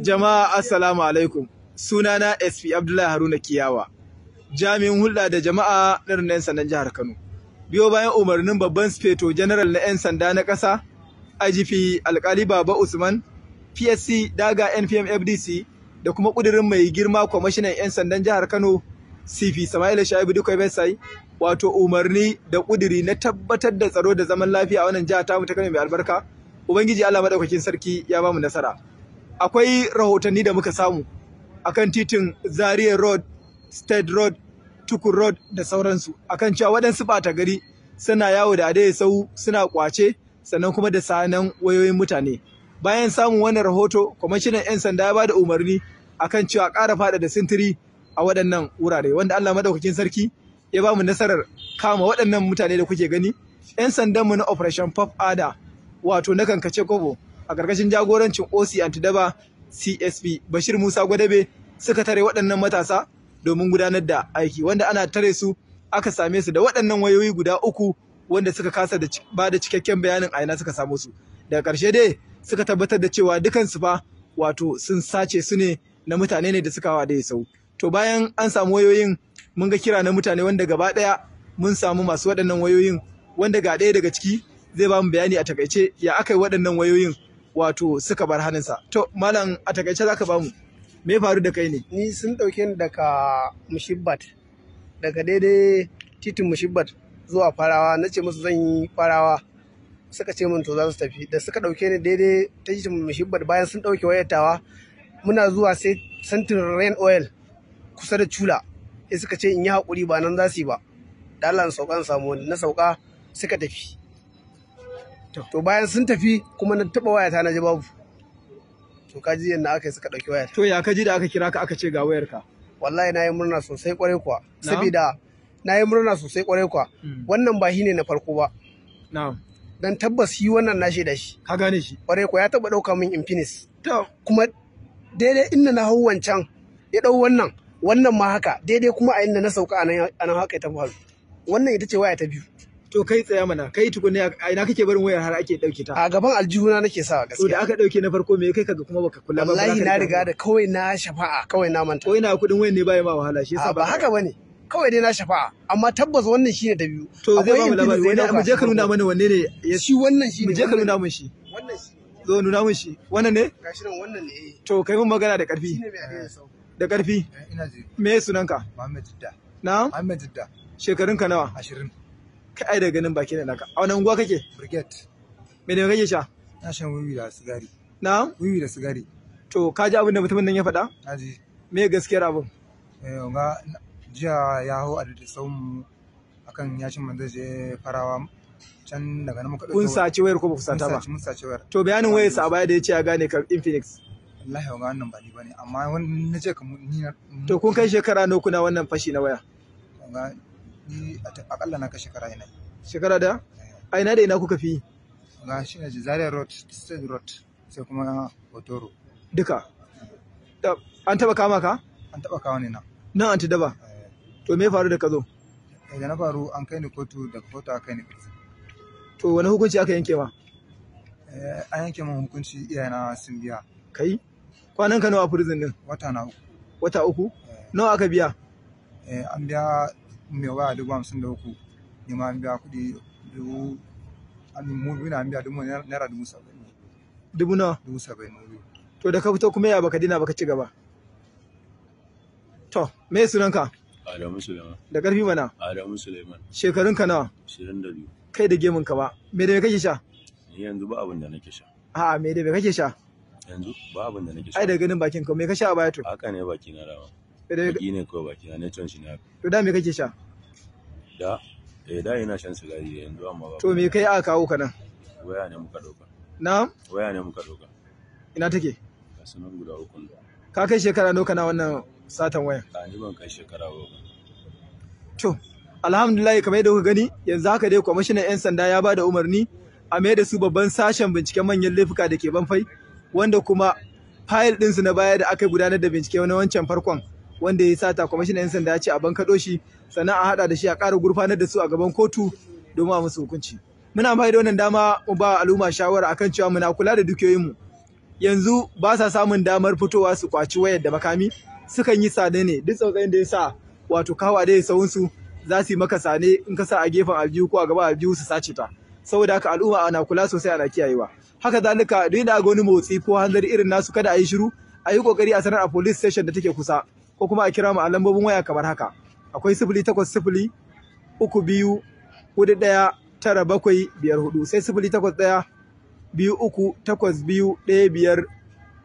Jama'a assalamu alaikum. Sunana SP Abdullahi Haruna Kiyawa. Jami'in hulɗa da jama'a na rundunar 'yan sandan jihar Kano. Biyo bayan umarnin babban speto general na 'yan sanda na ƙasa, IGP Alƙali Baba Usman, PSC Daga NPM FDC da kuma ƙudurin mai girma kwamishinan 'yan sandan jihar Kano CP Sama'ila Shaibu Dukai Besai wato umarni da ƙuduri na tabbatar da tsaro da zaman lafiya a wannan jiha tamu ta Kano mai albarka. Ubangiji Allah madaukakin sarki ya bamu nasara. akwai rahotanni da muka samu akan titin Zaria Road, State Road, Tukur Road da sauransu akan cewa waɗansu ɓata gari suna yawo da adai sau suna kwace sannan kuma da sanan wayoyin mutane. Bayan samun wannan rahoto, kwamishinan 'yan sanda ya ba da umarni akan cewa ƙara faɗa da sintiri a waɗannan wurare wanda Allah Maɗaukakin sarki ya ba mu nasarar kama waɗannan mutane da kuke gani 'yan sandanmu na Operation Pop Ada wato na kankace kobo a ƙarƙashin jagorancin OC Antidaba CSP Bashir Musa Gwadabe suka tare waɗannan matasa domin gudanar da aiki wanda ana tare su aka same su da waɗannan wayoyi guda uku wanda suka kasa da ba da cikakken bayanin a ina suka samo su daga ƙarshe dai suka tabbatar da cewa dukansu fa wato sun sace su ne na mutane ne da suka wa da sau to bayan an samu wayoyin mun ga kira na mutane wanda gaba ɗaya mun samu masu waɗannan wayoyin wanda ga ɗaya daga ciki zai ba mu bayani a takaice ya aka yi waɗannan wayoyin wato suka bar hannunsa to malam a takaice za ka bamu me faru da kai ne ni sun ɗauke ni daga mushibbat daga daidai titin mushibbat zuwa farawa na ce musu zan yi farawa suka ce min to za su tafi da suka ɗauke ni daidai titin mushibbat bayan sun ɗauke wayatawa muna zuwa sai santin rain oil kusa da cula sai suka ce in yi haƙuri ba nan za su yi ba da Allah na na samu na sauƙa suka tafi to bayan sun tafi kuma na taba wayata na ji babu to ka ji yadda aka yi suka ɗauki wayar to ya ka ji da aka kira ka aka ce ga wayar ka wallahi na yi murna sosai kwarai kuwa saboda na yi murna sosai kwarai kuwa hmm. wannan ba shi ne na farko ba na'am dan tabbas shi wannan na shaida shi ka gane shi kwarai kuwa ya taba ɗauka min infinis to kuma daidai inda na hau wancan ya ɗau wannan wannan ma haka daidai kuma a inda na sauka a nan haka ya tafi wannan ita ce waya ta biyu to kai tsaya mana kai tukunne a ina kake barin wayar har ake dauke ta a gaban aljihuna nake sa gaskiya to da aka dauke na farko me kai kaga kuma baka kula ba wallahi na riga da kawai na shafa'a kawai na manta kawai na kudin wayar ne bai ma wahala shi yasa ba haka bane kawai dai na shafa'a amma tabbas wannan shine da biyu to zai ba mu labari ne mu je ka nuna mana wanne ne shi wannan shi mu je ka nuna mun shi wannan shi zo nuna mun shi wannan ne gashi nan wannan ne eh. to kai mun magana da karfi da karfi eh, ina je me sunanka Muhammad Didda na Muhammad Didda shekarunka nawa 20 Kai ai daga ganin baki da naka a wannan unguwa kake brigade me ne kake sha na shan wiwi da sigari na wiwi da sigari to ka ji abin da mutumin nan ya faɗa na ji me gaskiyar abin eh ga jiya ya hau a da saumu akan yashin manzo je farawa can daga nan muka kun sace wayar ko ba ku sata ba mun sace wayar to bayanin wayar sa baya da ce ya gane ka infinix wallahi ga wannan ba ni bane amma wannan nace ka ni to kun kai shekara nawa kuna wannan fashi na waya ni akalla na ka shekara ina shekara da eh. a ina da ina kuka fi ga shi ne zaria road state road sai kuma otoro duka an taba kama ka an taba kawo ni na. nan an daba eh. to me faru da ka zo eh, da na faru an kai ni kotu daga kotu a kai ni to wani hukunci aka yanke ma an yanke min hukunci iyayena sun biya kai kwanan ka nawa prison din wata na uku wata uku nawa aka biya an biya mai waya dubu hamsin da uku ni ma biya kuɗi dubu mu biya dubu naira dubu saba'in dubu nawa dubu saba'in to da ka fito kuma ya baka dina baka ci gaba to me sunanka Adamu Suleiman da ƙarfi mana Adamu Suleiman Shekarun shekarunka nawa 22 kai da gemun ka ba me da me kake sha ni yanzu ba abin da nake sha a me da me kake sha yanzu ba abin da nake sha ai da ganin bakin ka me ka sha a baya to haka ne baki na dama Eh, baki ne kawai baki na can shi na to da me kake sha da eh da ina shan sigari yanzu amma ba to me kai aka kawo ka nan waya ne muka doka na'am waya ne muka doka ina take ga sanan guda uku ka kai shekara nawa na wannan satan waya a ni ban kai shekara ba to alhamdulillah kamar yadda kuka gani yanzu haka dai kwamishinan 'yan sanda ya ba da umarni a mai da su babban sashen binciken manyan laifuka da ke banfai wanda kuma fayil ɗinsu na baya da aka gudanar da bincike na wancan farkon wanda ya sata kwamishinan 'yan sanda ya ce a bankaɗo shi sannan a haɗa da shi a ƙara gurfanar da su a gaban kotu domin a musu hukunci. Muna amfani da wannan dama mu ba al'umma shawara akan cewa muna kula da dukiyoyinmu. Yanzu ba sa samun damar fitowa su kwaci wayar da makami sukan yi sane ne duk tsautsayin da ya sa wato kawo da ya sauransu za su yi maka sane in ka sa a gefen aljihu ko a gaban aljihu su sace ta. Saboda haka al'umma ana kula sosai ana kiyayewa. Haka zalika duk da ga wani motsi ko hanzari irin nasu kada a yi shiru a yi kokari a sanar a police station da take kusa. ko kuma a kira mu a lambobin waya kamar haka akwai sifili takwas sifili uku biyu hudu ɗaya tara bakwai biyar hudu sai sifili takwas ɗaya biyu uku takwas biyu ɗaya biyar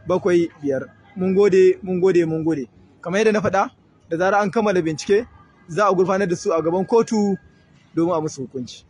bakwai biyar mun gode mun gode mun gode kamar yadda na faɗa da zarar an kammala bincike za a gurfanar da su a gaban kotu domin a musu hukunci